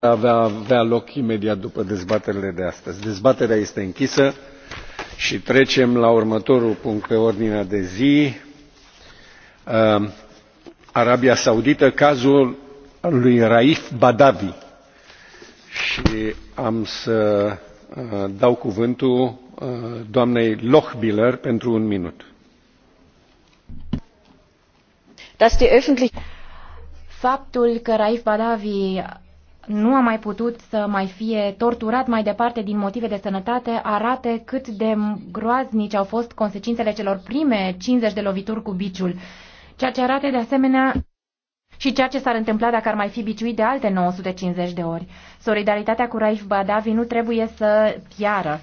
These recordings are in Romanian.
va avea loc imediat după dezbaterile de astăzi. Dezbaterea este închisă și trecem la următorul punct pe ordinea de zi. Uh, Arabia Saudită, cazul lui Raif Badavi. Și am să uh, dau cuvântul uh, doamnei Lochbiller pentru un minut. Faptul că Raif Badavi nu a mai putut să mai fie torturat mai departe din motive de sănătate, arate cât de groaznici au fost consecințele celor prime 50 de lovituri cu biciul, ceea ce arate de asemenea și ceea ce s-ar întâmpla dacă ar mai fi biciuit de alte 950 de ori. Solidaritatea cu Raif Badavi nu trebuie să piară.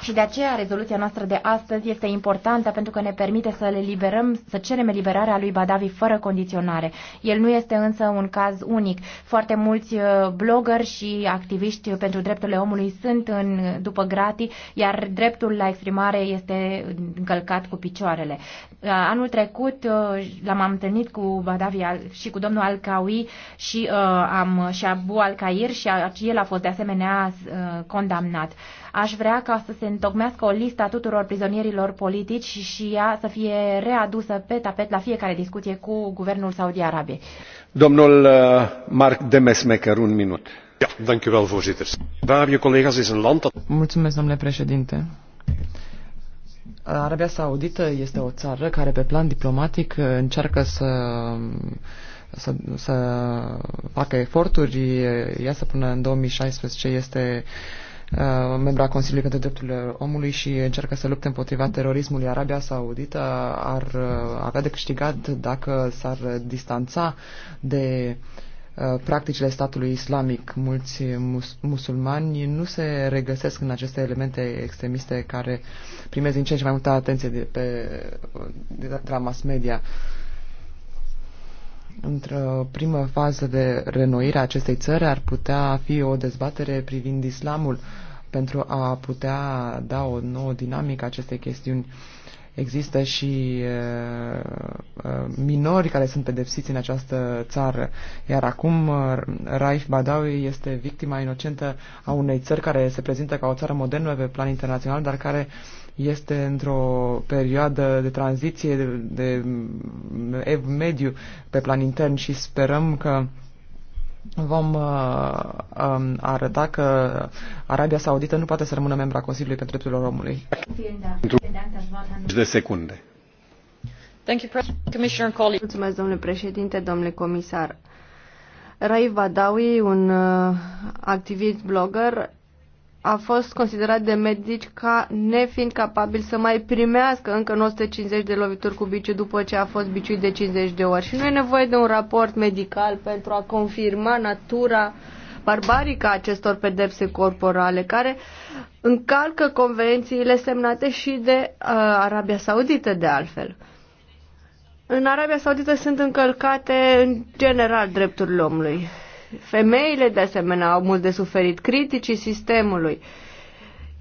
Și de aceea rezoluția noastră de astăzi este importantă pentru că ne permite să le liberăm, să cerem eliberarea lui Badavi fără condiționare. El nu este însă un caz unic. Foarte mulți uh, blogger și activiști pentru drepturile omului sunt în, după gratii, iar dreptul la exprimare este încălcat cu picioarele. Uh, anul trecut uh, l-am întâlnit cu Badavi și cu domnul Al-Kawi și, uh, am, și Abu Al-Kair și el a fost de asemenea uh, condamnat. Aș vrea ca să se întocmească o listă a tuturor prizonierilor politici și ea să fie readusă pe tapet la fiecare discuție cu guvernul Saudi Arabie. Domnul uh, Mark Demesmecker, un minut. Mulțumesc, domnule președinte. Arabia Saudită este o țară care pe plan diplomatic încearcă să să, să facă eforturi. Ea să până în 2016 este uh, Uh, membru a Consiliului pentru Drepturile Omului și încearcă să lupte împotriva terorismului. Arabia Saudită ar uh, avea de câștigat dacă s-ar distanța de uh, practicile statului islamic. Mulți mus- musulmani nu se regăsesc în aceste elemente extremiste care primez din ce în ce mai multă atenție de, pe, de la mass media. Uh, Într-o primă fază de renoire a acestei țări ar putea fi o dezbatere privind islamul pentru a putea da o nouă dinamică acestei chestiuni. Există și minori care sunt pedepsiți în această țară, iar acum Raif Badawi este victima inocentă a unei țări care se prezintă ca o țară modernă pe plan internațional, dar care este într-o perioadă de tranziție de, de ev mediu pe plan intern și sperăm că vom uh, um, arăta că Arabia Saudită nu poate să rămână membra Consiliului pentru Drepturile Omului. De secunde. Mulțumesc, domnule președinte, domnule comisar. Raif Badawi, un uh, activist blogger, a fost considerat de medici ca nefiind capabil să mai primească încă 950 de lovituri cu biciu după ce a fost biciuit de 50 de ori. Și nu e nevoie de un raport medical pentru a confirma natura barbarică a acestor pedepse corporale, care încalcă convențiile semnate și de uh, Arabia Saudită, de altfel. În Arabia Saudită sunt încălcate în general drepturile omului Femeile, de asemenea, au mult de suferit criticii sistemului. Uh,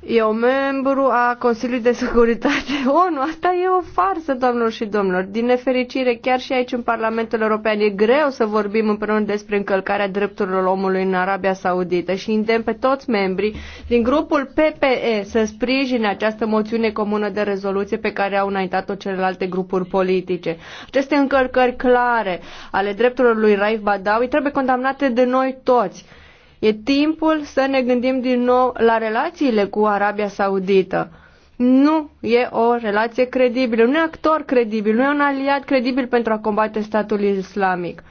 E un membru a Consiliului de Securitate ONU. Oh, asta e o farsă, doamnelor și domnilor. Din nefericire, chiar și aici în Parlamentul European e greu să vorbim împreună despre încălcarea drepturilor omului în Arabia Saudită și îndemn pe toți membrii din grupul PPE să sprijine această moțiune comună de rezoluție pe care au înaintat-o celelalte grupuri politice. Aceste încălcări clare ale drepturilor lui Raif Badawi trebuie condamnate de noi toți E timpul să ne gândim din nou la relațiile cu Arabia Saudită. Nu e o relație credibilă, nu e un actor credibil, nu e un aliat credibil pentru a combate statul islamic.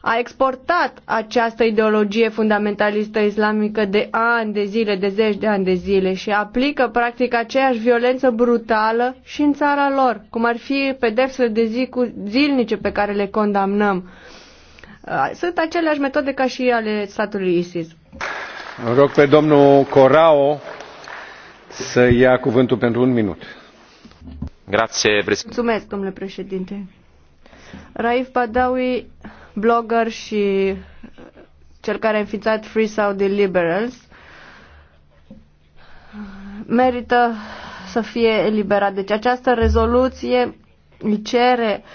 A exportat această ideologie fundamentalistă islamică de ani de zile, de zeci de ani de zile și aplică practic aceeași violență brutală și în țara lor, cum ar fi pedepsele de zi cu zilnice pe care le condamnăm. Uh, sunt aceleași metode ca și ale statului ISIS. Rog pe domnul Corao să ia cuvântul pentru un minut. Grazie, Mulțumesc, domnule președinte. Raif Badawi, blogger și uh, cel care a înființat Free Saudi Liberals, merită să fie eliberat. Deci această rezoluție îi cere uh,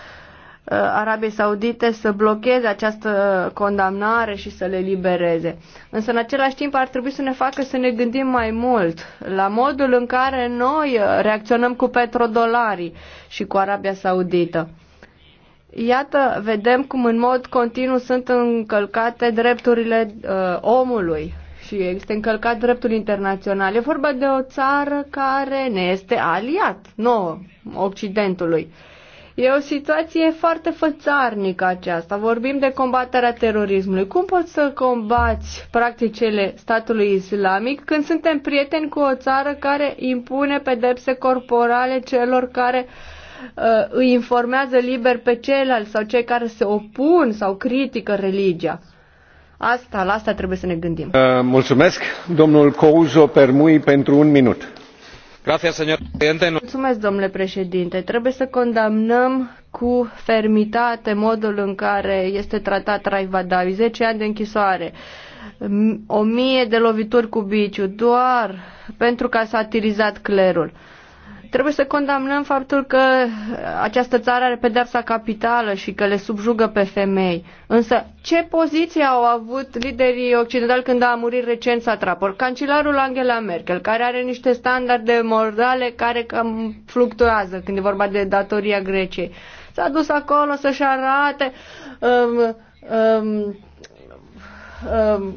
Uh, Arabiei Saudite să blocheze această condamnare și să le libereze. Însă, în același timp, ar trebui să ne facă să ne gândim mai mult la modul în care noi reacționăm cu petrodolarii și cu Arabia Saudită. Iată, vedem cum în mod continuu sunt încălcate drepturile uh, omului și este încălcat dreptul internațional. E vorba de o țară care ne este aliat, nouă, Occidentului. Uh, E o situație foarte fățarnică aceasta. Vorbim de combaterea terorismului. Cum poți să combați practicile statului islamic când suntem prieteni cu o țară care impune pedepse corporale celor care uh, îi informează liber pe ceilalți sau cei care se opun sau critică religia? Asta, la asta trebuie să ne gândim. Uh, mulțumesc, domnul Couzo Permui, pentru un minut Mulțumesc, domnule președinte. Trebuie să condamnăm cu fermitate modul în care este tratat Raif Badawi. 10 ani de închisoare, o mie de lovituri cu biciu, doar pentru că a satirizat clerul. Trebuie să condamnăm faptul că această țară are pedeapsa capitală și că le subjugă pe femei. Însă, ce poziție au avut liderii occidentali când a murit recent satrapor? Cancelarul Angela Merkel, care are niște standarde morale care cam fluctuează când e vorba de datoria Greciei. S-a dus acolo să-și arate um, um, um,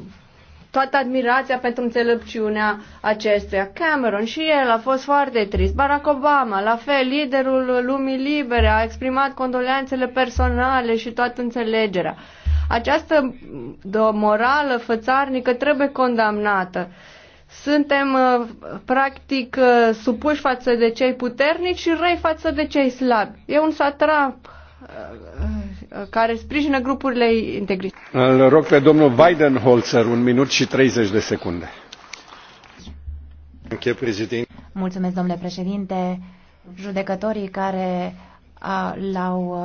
toată admirația pentru înțelepciunea acestuia. Cameron și el a fost foarte trist. Barack Obama, la fel, liderul lumii libere, a exprimat condoleanțele personale și toată înțelegerea. Această morală fățarnică trebuie condamnată. Suntem uh, practic uh, supuși față de cei puternici și răi față de cei slabi. E un satrap uh, care sprijină grupurile integriste. Îl rog pe domnul Weidenholzer, un minut și 30 de secunde. Mulțumesc, domnule președinte. Judecătorii care l-au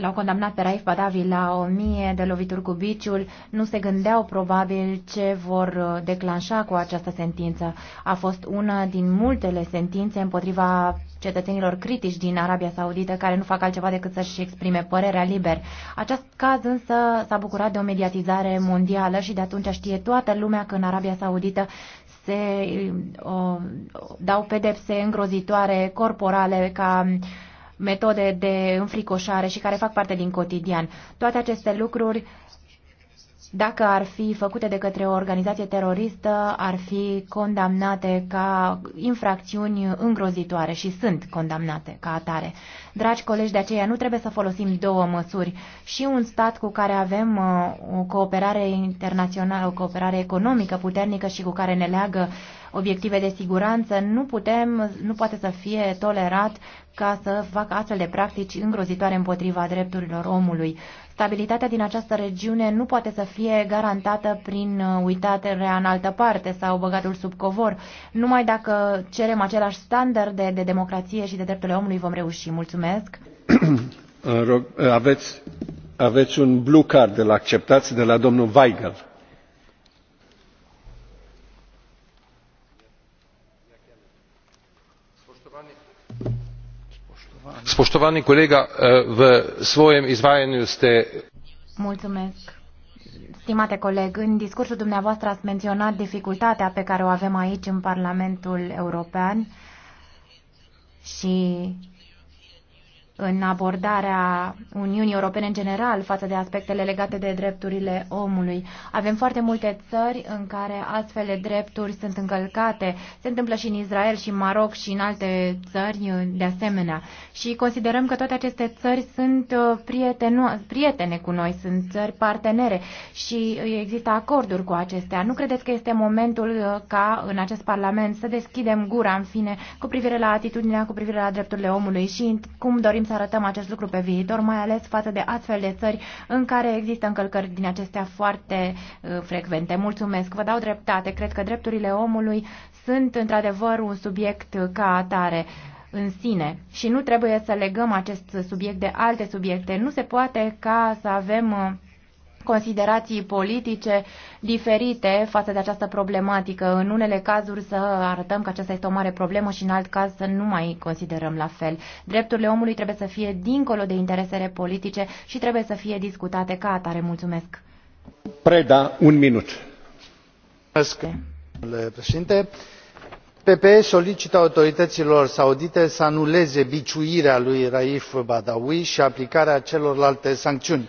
l-au condamnat pe Raif Badavi la o mie de lovituri cu biciul, nu se gândeau probabil ce vor declanșa cu această sentință. A fost una din multele sentințe împotriva cetățenilor critici din Arabia Saudită care nu fac altceva decât să-și exprime părerea liber. Acest caz însă s-a bucurat de o mediatizare mondială și de atunci știe toată lumea că în Arabia Saudită se o, dau pedepse îngrozitoare, corporale, ca metode de înfricoșare și care fac parte din cotidian. Toate aceste lucruri dacă ar fi făcute de către o organizație teroristă, ar fi condamnate ca infracțiuni îngrozitoare și sunt condamnate ca atare. Dragi colegi, de aceea nu trebuie să folosim două măsuri. Și un stat cu care avem uh, o cooperare internațională, o cooperare economică puternică și cu care ne leagă obiective de siguranță, nu, putem, nu poate să fie tolerat ca să facă astfel de practici îngrozitoare împotriva drepturilor omului. Stabilitatea din această regiune nu poate să fie garantată prin uh, uitarea în altă parte sau băgatul sub covor. Numai dacă cerem același de, de democrație și de drepturile omului vom reuși. Mulțumesc! Aveți, aveți un blue card, îl acceptați de la domnul Weigel. spoštovani kolega eh, v svojem izvajanju ste. Mulțumesc. Stimate coleg, în discursul dumneavoastră ați menționat dificultatea pe care o avem aici în Parlamentul European și în abordarea Uniunii Europene în general față de aspectele legate de drepturile omului. Avem foarte multe țări în care astfel de drepturi sunt încălcate. Se întâmplă și în Israel și în Maroc și în alte țări de asemenea. Și considerăm că toate aceste țări sunt uh, prietene cu noi, sunt țări partenere și există acorduri cu acestea. Nu credeți că este momentul uh, ca în acest Parlament să deschidem gura, în fine, cu privire la atitudinea, cu privire la drepturile omului și cum dorim să arătăm acest lucru pe viitor, mai ales față de astfel de țări în care există încălcări din acestea foarte uh, frecvente. Mulțumesc, vă dau dreptate. Cred că drepturile omului sunt într-adevăr un subiect ca atare în sine și nu trebuie să legăm acest subiect de alte subiecte. Nu se poate ca să avem uh, considerații politice diferite față de această problematică. În unele cazuri să arătăm că aceasta este o mare problemă și în alt caz să nu mai considerăm la fel. Drepturile omului trebuie să fie dincolo de interesele politice și trebuie să fie discutate ca atare. Mulțumesc. Preda, un minut. Mulțumesc. Domnule președinte, ppe solicită autorităților saudite să anuleze biciuirea lui raif badawi și aplicarea celorlalte sancțiuni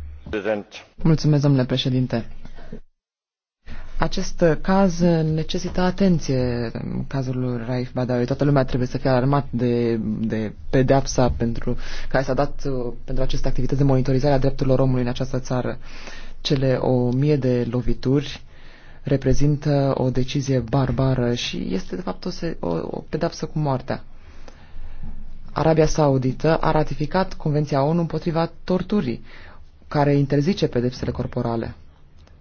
Mulțumesc, domnule președinte. Acest caz necesită atenție, cazul Raif Badawi. Toată lumea trebuie să fie alarmat de, de pedeapsa pentru, care s-a dat uh, pentru aceste activități de monitorizare a drepturilor omului în această țară. Cele o mie de lovituri reprezintă o decizie barbară și este de fapt o, o, o pedeapsă cu moartea. Arabia Saudită a ratificat Convenția ONU împotriva torturii care interzice pedepsele corporale.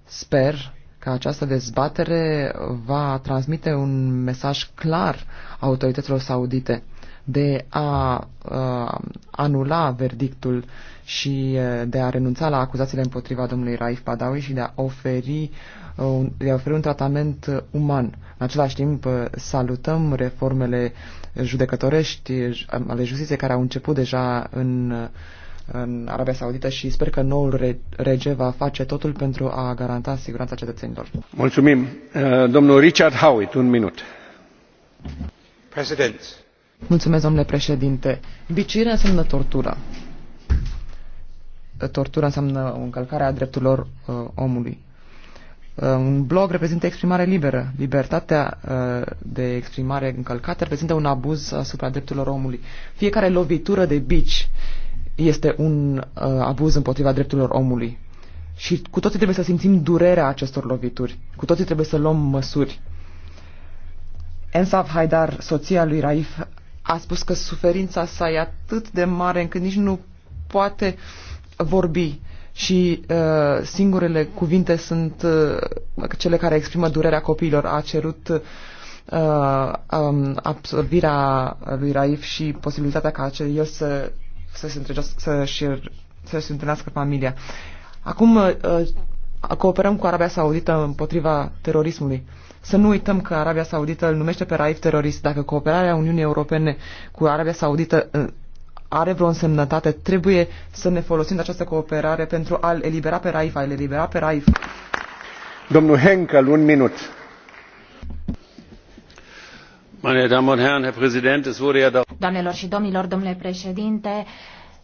Sper că această dezbatere va transmite un mesaj clar autorităților saudite de a uh, anula verdictul și uh, de a renunța la acuzațiile împotriva domnului Raif Badawi și de a oferi uh, de a oferi un tratament uman. În același timp, uh, salutăm reformele judecătorești uh, ale justiției care au început deja în uh, în Arabia Saudită și sper că noul rege va face totul pentru a garanta siguranța cetățenilor. Mulțumim. Uh, domnul Richard Howitt, un minut. President. Mulțumesc, domnule președinte. Bicirea înseamnă tortura. Tortura înseamnă o încălcare a drepturilor uh, omului. Uh, un blog reprezintă exprimare liberă. Libertatea uh, de exprimare încălcată reprezintă un abuz asupra drepturilor omului. Fiecare lovitură de bici este un uh, abuz împotriva drepturilor omului. Și cu toții trebuie să simțim durerea acestor lovituri. Cu toții trebuie să luăm măsuri. Ensaf Haidar, soția lui Raif, a spus că suferința sa e atât de mare încât nici nu poate vorbi și uh, singurele cuvinte sunt uh, cele care exprimă durerea copiilor. A cerut uh, um, absorbirea lui Raif și posibilitatea ca el să să se să-și, să-și întâlnească familia. Acum uh, cooperăm cu Arabia Saudită împotriva terorismului. Să nu uităm că Arabia Saudită îl numește pe Raif terorist. Dacă cooperarea Uniunii Europene cu Arabia Saudită uh, are vreo însemnătate, trebuie să ne folosim de această cooperare pentru a-l elibera pe Raif, a-l elibera pe Raif. Domnul Henkel, un minut. Da- Doamnelor și domnilor, domnule președinte,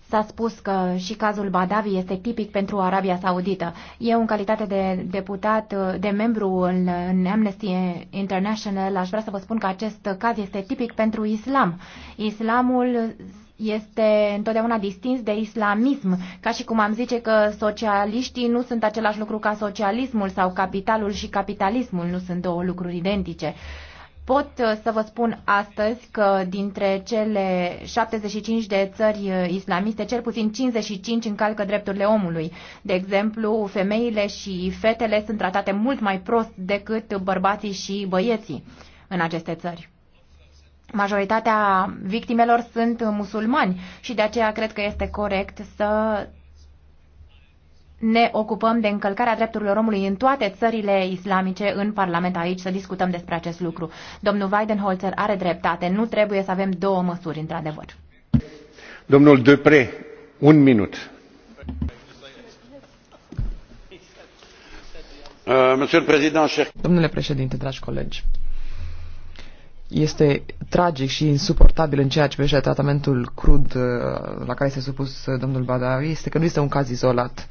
S-a spus că și cazul Badavi este tipic pentru Arabia Saudită. Eu, în calitate de deputat, de membru în, în Amnesty International, aș vrea să vă spun că acest caz este tipic pentru islam. Islamul este întotdeauna distins de islamism, ca și cum am zice că socialiștii nu sunt același lucru ca socialismul sau capitalul și capitalismul nu sunt două lucruri identice. Uh, Pot uh, să vă spun astăzi că dintre cele 75 de țări uh, islamiste, cel puțin 55 încalcă drepturile omului. De exemplu, femeile și fetele sunt tratate mult mai prost decât bărbații și băieții în aceste țări. Majoritatea victimelor sunt musulmani și de aceea cred că este corect să ne ocupăm de încălcarea drepturilor omului în toate țările islamice în Parlament aici să discutăm despre acest lucru. Domnul Weidenholzer are dreptate. Nu trebuie să avem două măsuri, într-adevăr. Domnul Depre, un minut. Uh, Domnule președinte, dragi colegi, este tragic și insuportabil în ceea ce privește tratamentul crud uh, la care este supus uh, domnul Badawi este că nu este un caz izolat.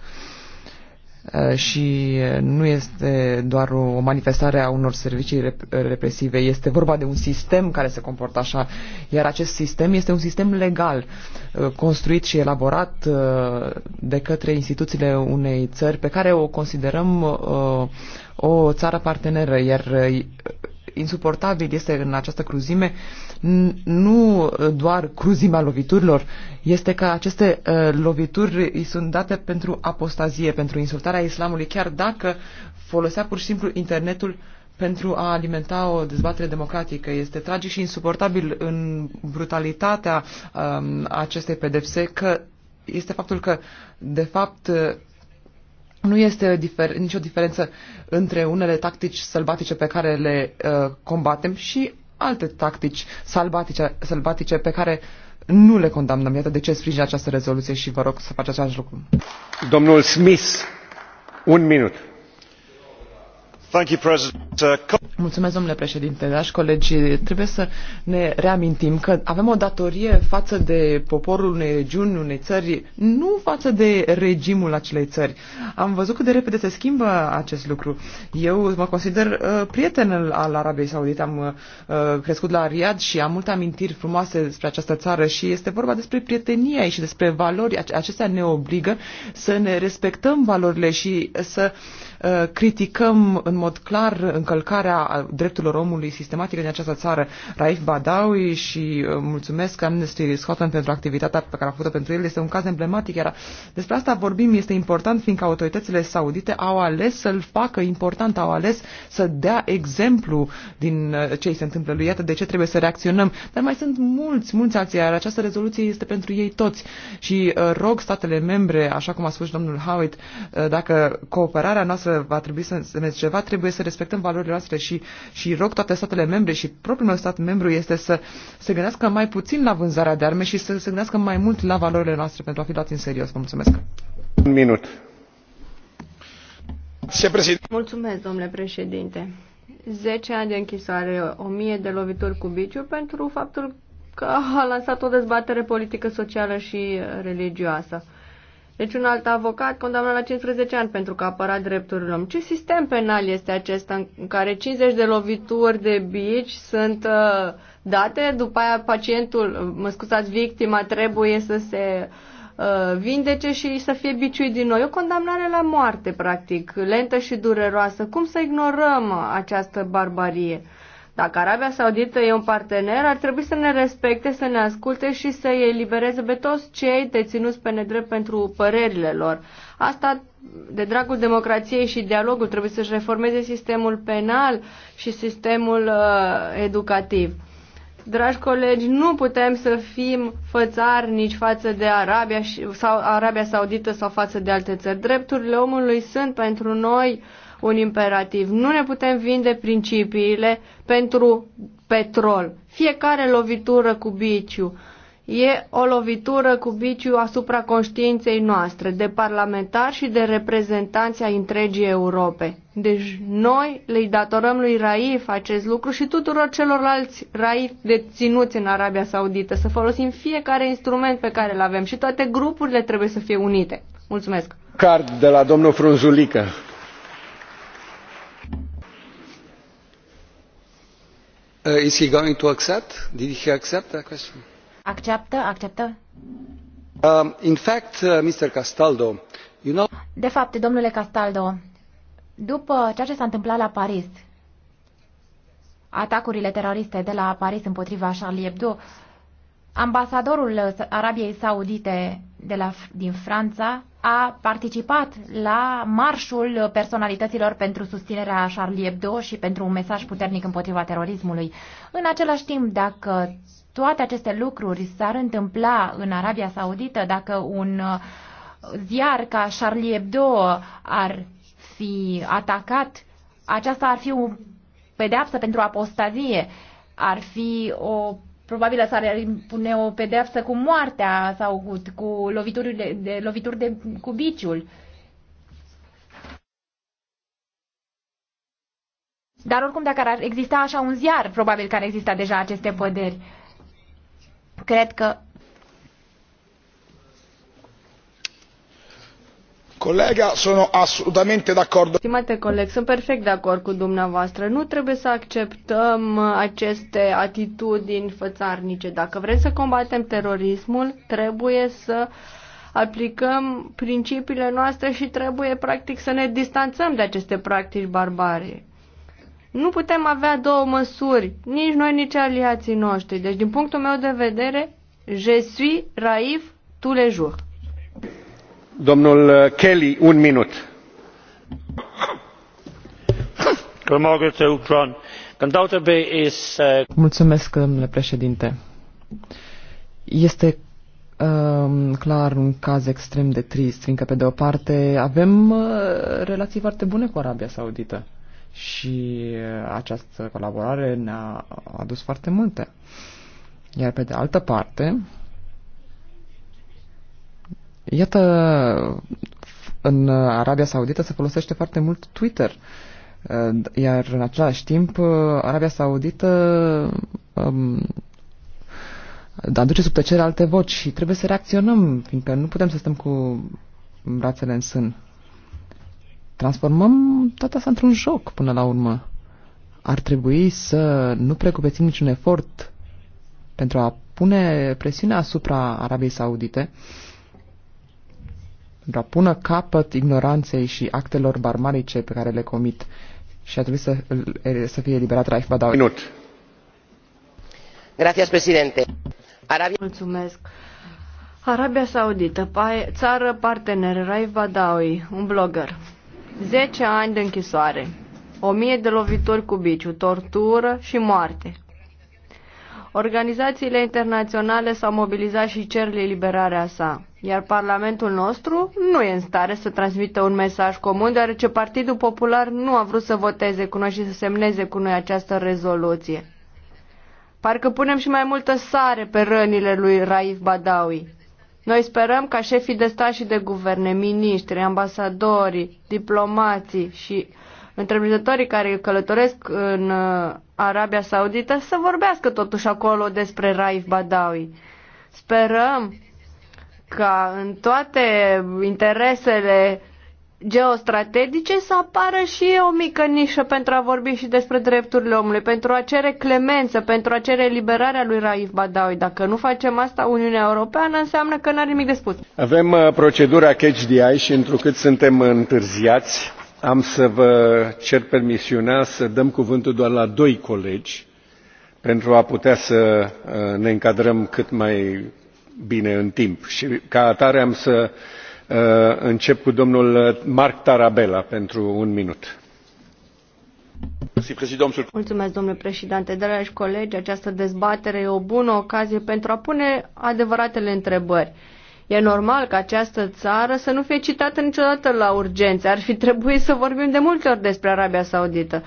Uh, și uh, nu este doar o manifestare a unor servicii uh, represive, este vorba de un sistem care se comportă așa, iar acest sistem este un sistem legal, construit și elaborat de către instituțiile unei țări pe care o considerăm o țară parteneră, iar insuportabil este în această cruzime nu doar cruzimea loviturilor, este că aceste uh, lovituri îi sunt date pentru apostazie, pentru insultarea islamului, chiar dacă folosea pur și simplu internetul pentru a alimenta o dezbatere democratică. Este tragic și insuportabil în brutalitatea um, acestei pedepse că este faptul că, de fapt, uh, nu este difer- nicio diferență între unele tactici sălbatice pe care le uh, combatem și alte tactici salbatice, sălbatice pe care nu le condamnăm. Iată de ce sprijin această rezoluție și vă rog să faceți același lucru. Domnul Smith, un minut. Uh, Mulțumesc, domnule președinte, dragi colegi. Trebuie să ne reamintim că avem o datorie față de poporul unei regiuni, unei țări, nu față de regimul acelei țări. Am văzut cât de repede se schimbă acest lucru. Eu mă consider uh, prietenul al Arabiei Saudite. Am uh, crescut la Riyadh și am multe amintiri frumoase despre această țară și este vorba despre prietenia și despre valori. Acestea ne obligă să ne respectăm valorile și să uh, Uh, criticăm în mod clar încălcarea drepturilor omului sistematică din această țară, Raif Badawi, și uh, mulțumesc Amnesty Scotland pentru activitatea pe care a făcut-o pentru el. Este un caz emblematic, iar despre asta vorbim, este important, fiindcă autoritățile saudite au ales să-l facă important, au ales să dea exemplu din uh, ce se întâmplă lui. Iată de ce trebuie să reacționăm. Dar mai sunt mulți, mulți alții, iar această rezoluție este pentru ei toți. Și rog statele membre, așa cum a spus domnul Howitt, dacă cooperarea noastră va trebui să însemne ceva, trebuie să respectăm valorile noastre și, și rog toate statele membre și propriul meu stat membru este să se gândească mai puțin la vânzarea de arme și să se gândească mai mult la valorile noastre pentru a fi luați în serios. Vă mulțumesc. Un minut. Mulțumesc, domnule președinte. 10 ani de închisoare, 1000 de lovituri cu biciu pentru faptul că a lansat o dezbatere politică, socială și religioasă. Deci un alt avocat condamnat la 15 ani pentru că a apărat drepturile om. Ce sistem penal este acesta în care 50 de lovituri de bici sunt uh, date, după aia pacientul, uh, mă scuzați, victima trebuie să se uh, vindece și să fie biciuit din nou. E o condamnare la moarte, practic, lentă și dureroasă. Cum să ignorăm această barbarie? Uh, dacă Arabia Saudită e un partener, ar trebui să ne respecte, să ne asculte și să îi elibereze pe toți cei deținuți pe nedrept pentru părerile lor. Asta, de dragul democrației și dialogul, trebuie să-și reformeze sistemul penal și sistemul uh, educativ. Dragi colegi, nu putem să fim nici față de Arabia sau Arabia Saudită sau față de alte țări. Drepturile omului sunt pentru noi uh, un imperativ. Nu ne putem vinde principiile pentru petrol. Fiecare lovitură cu biciu e o lovitură cu biciu asupra conștiinței noastre, de parlamentari și de reprezentanți ai întregii Europe. Deci noi le datorăm lui Raif acest lucru și tuturor celorlalți Raif deținuți în Arabia Saudită, să folosim fiecare instrument pe care îl avem și toate grupurile trebuie să fie unite. Mulțumesc! Card de la domnul Frunzulică. Uh, is he going to accept? Did he accept that question? Acceptă, acceptă. Um, in fact, uh, Mr. Castaldo, you know... De fapt, domnule Castaldo, după ceea ce s-a întâmplat la Paris, atacurile teroriste de la Paris împotriva Charlie Hebdo, ambasadorul Arabiei Saudite de la, din Franța a participat la marșul personalităților pentru susținerea Charlie Hebdo și pentru un mesaj puternic împotriva terorismului. În același timp, dacă toate aceste lucruri s-ar întâmpla în Arabia Saudită, dacă un uh, ziar ca Charlie Hebdo ar fi atacat, aceasta ar fi o pedeapsă pentru apostazie, ar fi o probabil s-ar impune o pedeapsă cu moartea sau cu, cu lovituri, de, de, lovituri de, cu biciul. Dar oricum, dacă ar exista așa un ziar, probabil că ar exista deja aceste păderi. Cred că Colega, sono assolutamente d'accordo. Stimate coleg, sunt perfect de acord cu dumneavoastră. Nu trebuie să acceptăm aceste atitudini fățarnice. Dacă vrem să combatem terorismul, trebuie să aplicăm principiile noastre și trebuie practic să ne distanțăm de aceste practici barbare. Nu putem avea două măsuri, nici noi, nici aliații noștri. Deci, din punctul meu de vedere, je suis raif tous les jours. Uh, kelly un minut. Mulțumesc, domnule președinte este um, clar un caz extrem de trist, fiindcă pe de o parte avem uh, relații foarte bune cu Arabia Saudită și uh, această colaborare ne-a adus foarte multe. Iar pe de altă parte, Iată, în Arabia Saudită se folosește foarte mult Twitter, eh, iar în același timp eh, Arabia Saudită um, aduce sub tăcere alte voci și trebuie să reacționăm, fiindcă nu putem să stăm cu brațele în sân. Transformăm toată asta într-un joc până la urmă. Ar trebui să nu precupețim niciun efort pentru a pune presiune asupra Arabiei Saudite uh, pentru a pună capăt ignoranței și actelor barbarice pe care le comit și a trebuit să, să fie eliberat Raif Badawi. Minut. Gracias, presidente. Arabia... Mulțumesc. Arabia Saudită, țară partener, Raif Badawi, un blogger. 10 ani de închisoare, o mie de lovituri cu biciu, tortură și moarte. Organizațiile internaționale s-au mobilizat și cer eliberarea sa, iar Parlamentul nostru nu e în stare să transmită un mesaj comun, deoarece Partidul Popular nu a vrut să voteze cu noi și să semneze cu noi această rezoluție. Parcă punem și mai multă sare pe rănile lui Raif Badawi. Noi sperăm ca șefii de stat și de guverne, miniștri, ambasadorii, diplomații și întreprinzătorii care călătoresc în uh, Arabia Saudită să vorbească totuși acolo despre Raif Badawi. Sperăm ca în toate interesele geostrategice să apară și o mică nișă pentru a vorbi și despre drepturile omului, pentru a cere clemență, pentru a cere eliberarea lui Raif Badawi. Dacă nu facem asta, Uniunea Europeană înseamnă că n-are nimic de spus. Avem uh, procedura catch the eye și întrucât suntem întârziați, am să vă cer permisiunea să dăm cuvântul doar la doi colegi pentru a putea să uh, ne încadrăm cât mai bine în timp și ca atare am să uh, încep cu domnul marc tarabella pentru un minut. Mulțumesc, domnule președinte dragi colegi această dezbatere e o bună ocazie pentru a pune adevăratele întrebări. E normal ca această țară să nu fie citată niciodată la urgențe. Ar fi trebuit să vorbim de multe ori despre Arabia Saudită.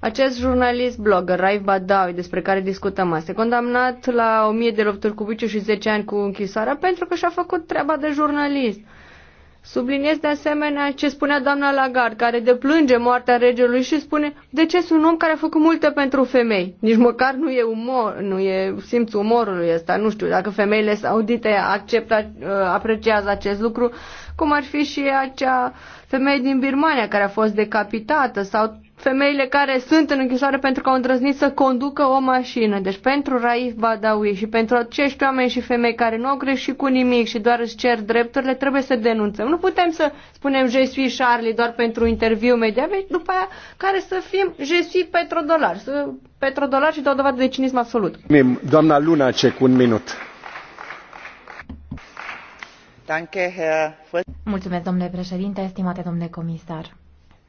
Acest jurnalist blogger, Raif Badawi, despre care discutăm astăzi, condamnat la 1000 de lovituri cu biciu și 10 ani cu închisoarea pentru că și-a făcut treaba de jurnalist. Subliniez de asemenea ce spunea doamna Lagarde, care deplânge moartea regelui și spune de ce sunt un om care a făcut multe pentru femei. Nici măcar nu e umor, nu e simțul umorului ăsta. Nu știu dacă femeile saudite acceptă, uh, apreciază acest lucru, cum ar fi și acea femeie din Birmania care a fost decapitată sau femeile care sunt în închisoare pentru că au îndrăznit să conducă o mașină. Deci pentru Raif Badawi și pentru acești oameni și femei care nu au greșit cu nimic și doar își cer drepturile, trebuie să denunțăm. Nu putem să spunem je suis Charlie doar pentru interviu media, deci după aia care să fim je suis petrodolar. Să, petrodolar și dau dovadă de cinism absolut. Mim, doamna Luna, ce cu un minut. Mulțumesc, domnule președinte, estimate domnule comisar.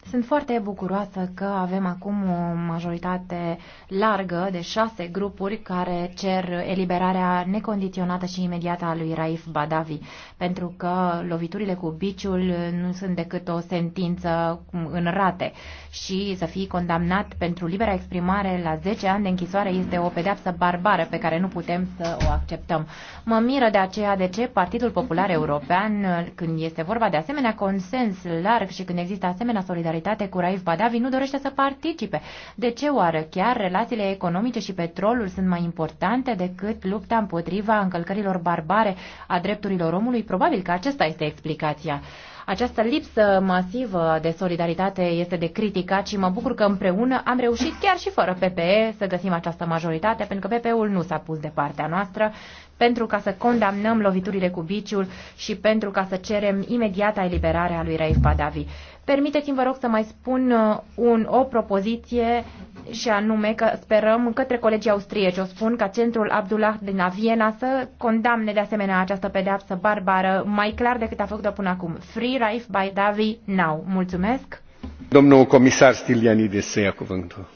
Sunt foarte bucuroasă că avem acum o majoritate largă de șase grupuri care cer eliberarea necondiționată și imediată a lui Raif Badavi, pentru că loviturile cu biciul nu sunt decât o sentință în rate și să fii condamnat pentru libera exprimare la 10 ani de închisoare este o pedeapsă barbară pe care nu putem să o acceptăm. Mă miră de aceea de ce Partidul Popular European, când este vorba de asemenea consens larg și când există asemenea solidaritate, solidaritate cu Raif Badavi nu dorește să participe. De ce oare chiar relațiile economice și petrolul sunt mai importante decât lupta împotriva încălcărilor barbare a drepturilor omului? Probabil că acesta este explicația. Această lipsă masivă de solidaritate este de criticat și mă bucur că împreună am reușit chiar și fără PPE să găsim această majoritate, pentru că PPE-ul nu s-a pus de partea noastră pentru ca să condamnăm loviturile cu biciul și pentru ca să cerem imediata eliberarea lui Raif Badavi. Permiteți-mi, vă rog, să mai spun uh, un, o propoziție și anume că sperăm către colegii austrieci, o spun, ca centrul Abdullah din Viena să condamne de asemenea această pedeapsă barbară mai clar decât a făcut-o până acum. Free Raif Baidavi Nau. Mulțumesc! Domnul comisar Stilianides să ia cuvântul.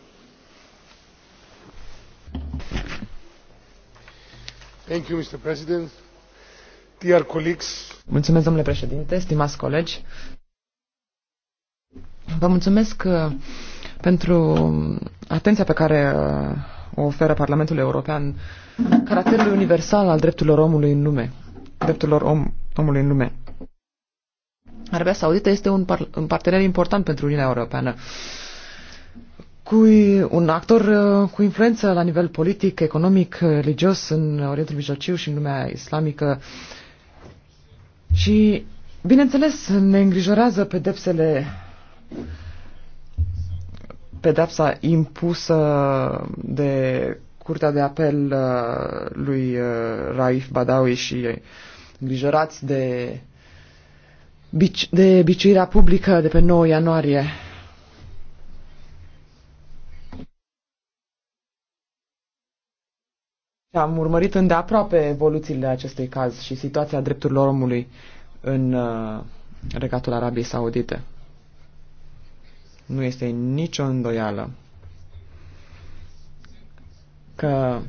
Thank you, Mr. President. Dear colleagues. Mulțumesc, domnule președinte, stimați colegi. Vă mulțumesc uh, pentru atenția pe care uh, o oferă Parlamentul European caracterului universal al drepturilor omului în lume. Drepturilor om, omului în lume. Arabia Saudită este un, par- un partener important pentru Uniunea Europeană cu un actor uh, cu influență la nivel politic, economic, uh, religios în Orientul Mijlociu și în lumea islamică. Și, bineînțeles, ne îngrijorează pedepsele pedepsa impusă de Curtea de Apel uh, lui Raif Badawi și îngrijorați de de biciuirea publică de pe 9 ianuarie. Am urmărit îndeaproape evoluțiile acestui caz și situația drepturilor omului în uh, regatul Arabiei Saudite. Nu este nicio îndoială că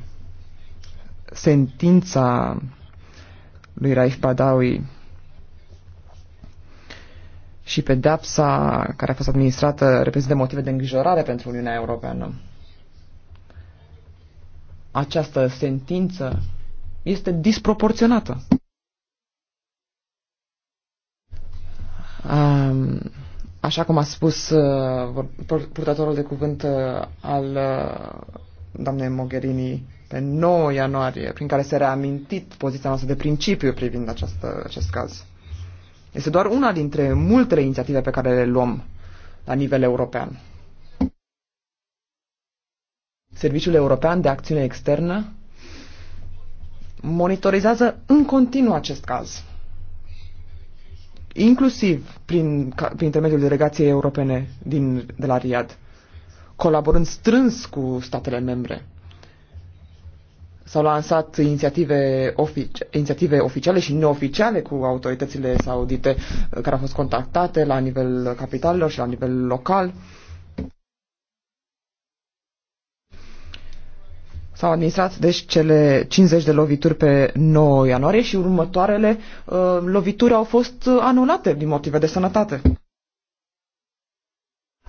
sentința lui Raif Badawi și pedepsa care a fost administrată reprezintă motive de îngrijorare pentru Uniunea Europeană. Această sentință este disproporționată. Așa cum a spus uh, purtătorul de cuvânt uh, al uh, doamnei Mogherini pe 9 ianuarie, prin care s-a reamintit poziția noastră de principiu privind această, acest caz. Este doar una dintre multele inițiative pe care le luăm la nivel european. Serviciul European de Acțiune Externă monitorizează în continuu acest caz, inclusiv prin, prin intermediul delegației europene din, de la Riad, colaborând strâns cu statele membre. S-au lansat inițiative, ofici, inițiative oficiale și neoficiale cu autoritățile saudite uh, care au fost contactate la nivel capitalelor și la nivel local. S-au administrat deci cele 50 de lovituri pe 9 ianuarie și următoarele uh, lovituri au fost anulate din motive de sănătate.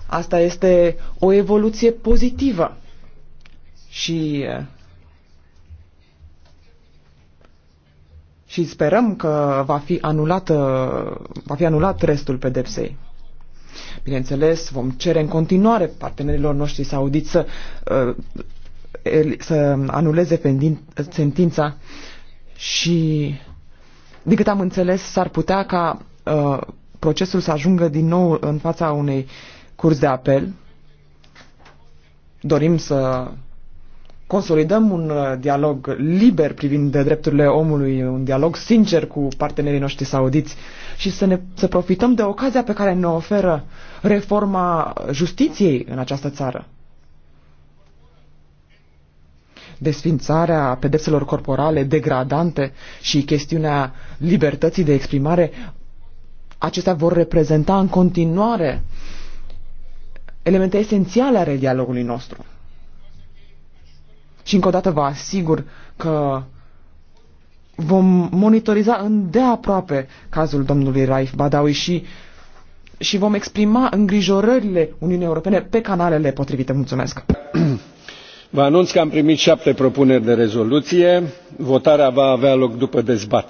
Asta este o evoluție pozitivă și uh, și sperăm că va fi, anulată, uh, va fi anulat restul pedepsei. Bineînțeles, vom cere în continuare partenerilor noștri saudiți să, uh, să anuleze sentința și, din cât am înțeles, s-ar putea ca uh, procesul să ajungă din nou în fața unei curs de apel. Dorim să consolidăm un uh, dialog liber privind de drepturile omului, un dialog sincer cu partenerii noștri saudiți și să, ne, să profităm de ocazia pe care ne oferă reforma justiției în această țară. Desfințarea pedepselor corporale degradante și chestiunea libertății de exprimare, acestea vor reprezenta în continuare elemente esențiale ale dialogului nostru. Și încă o dată vă asigur că vom monitoriza îndeaproape cazul domnului Raif Badawi și, și vom exprima îngrijorările Uniunii Europene pe canalele potrivite. Mulțumesc! Vă anunț că am primit șapte propuneri de rezoluție. Votarea va avea loc după dezbatere.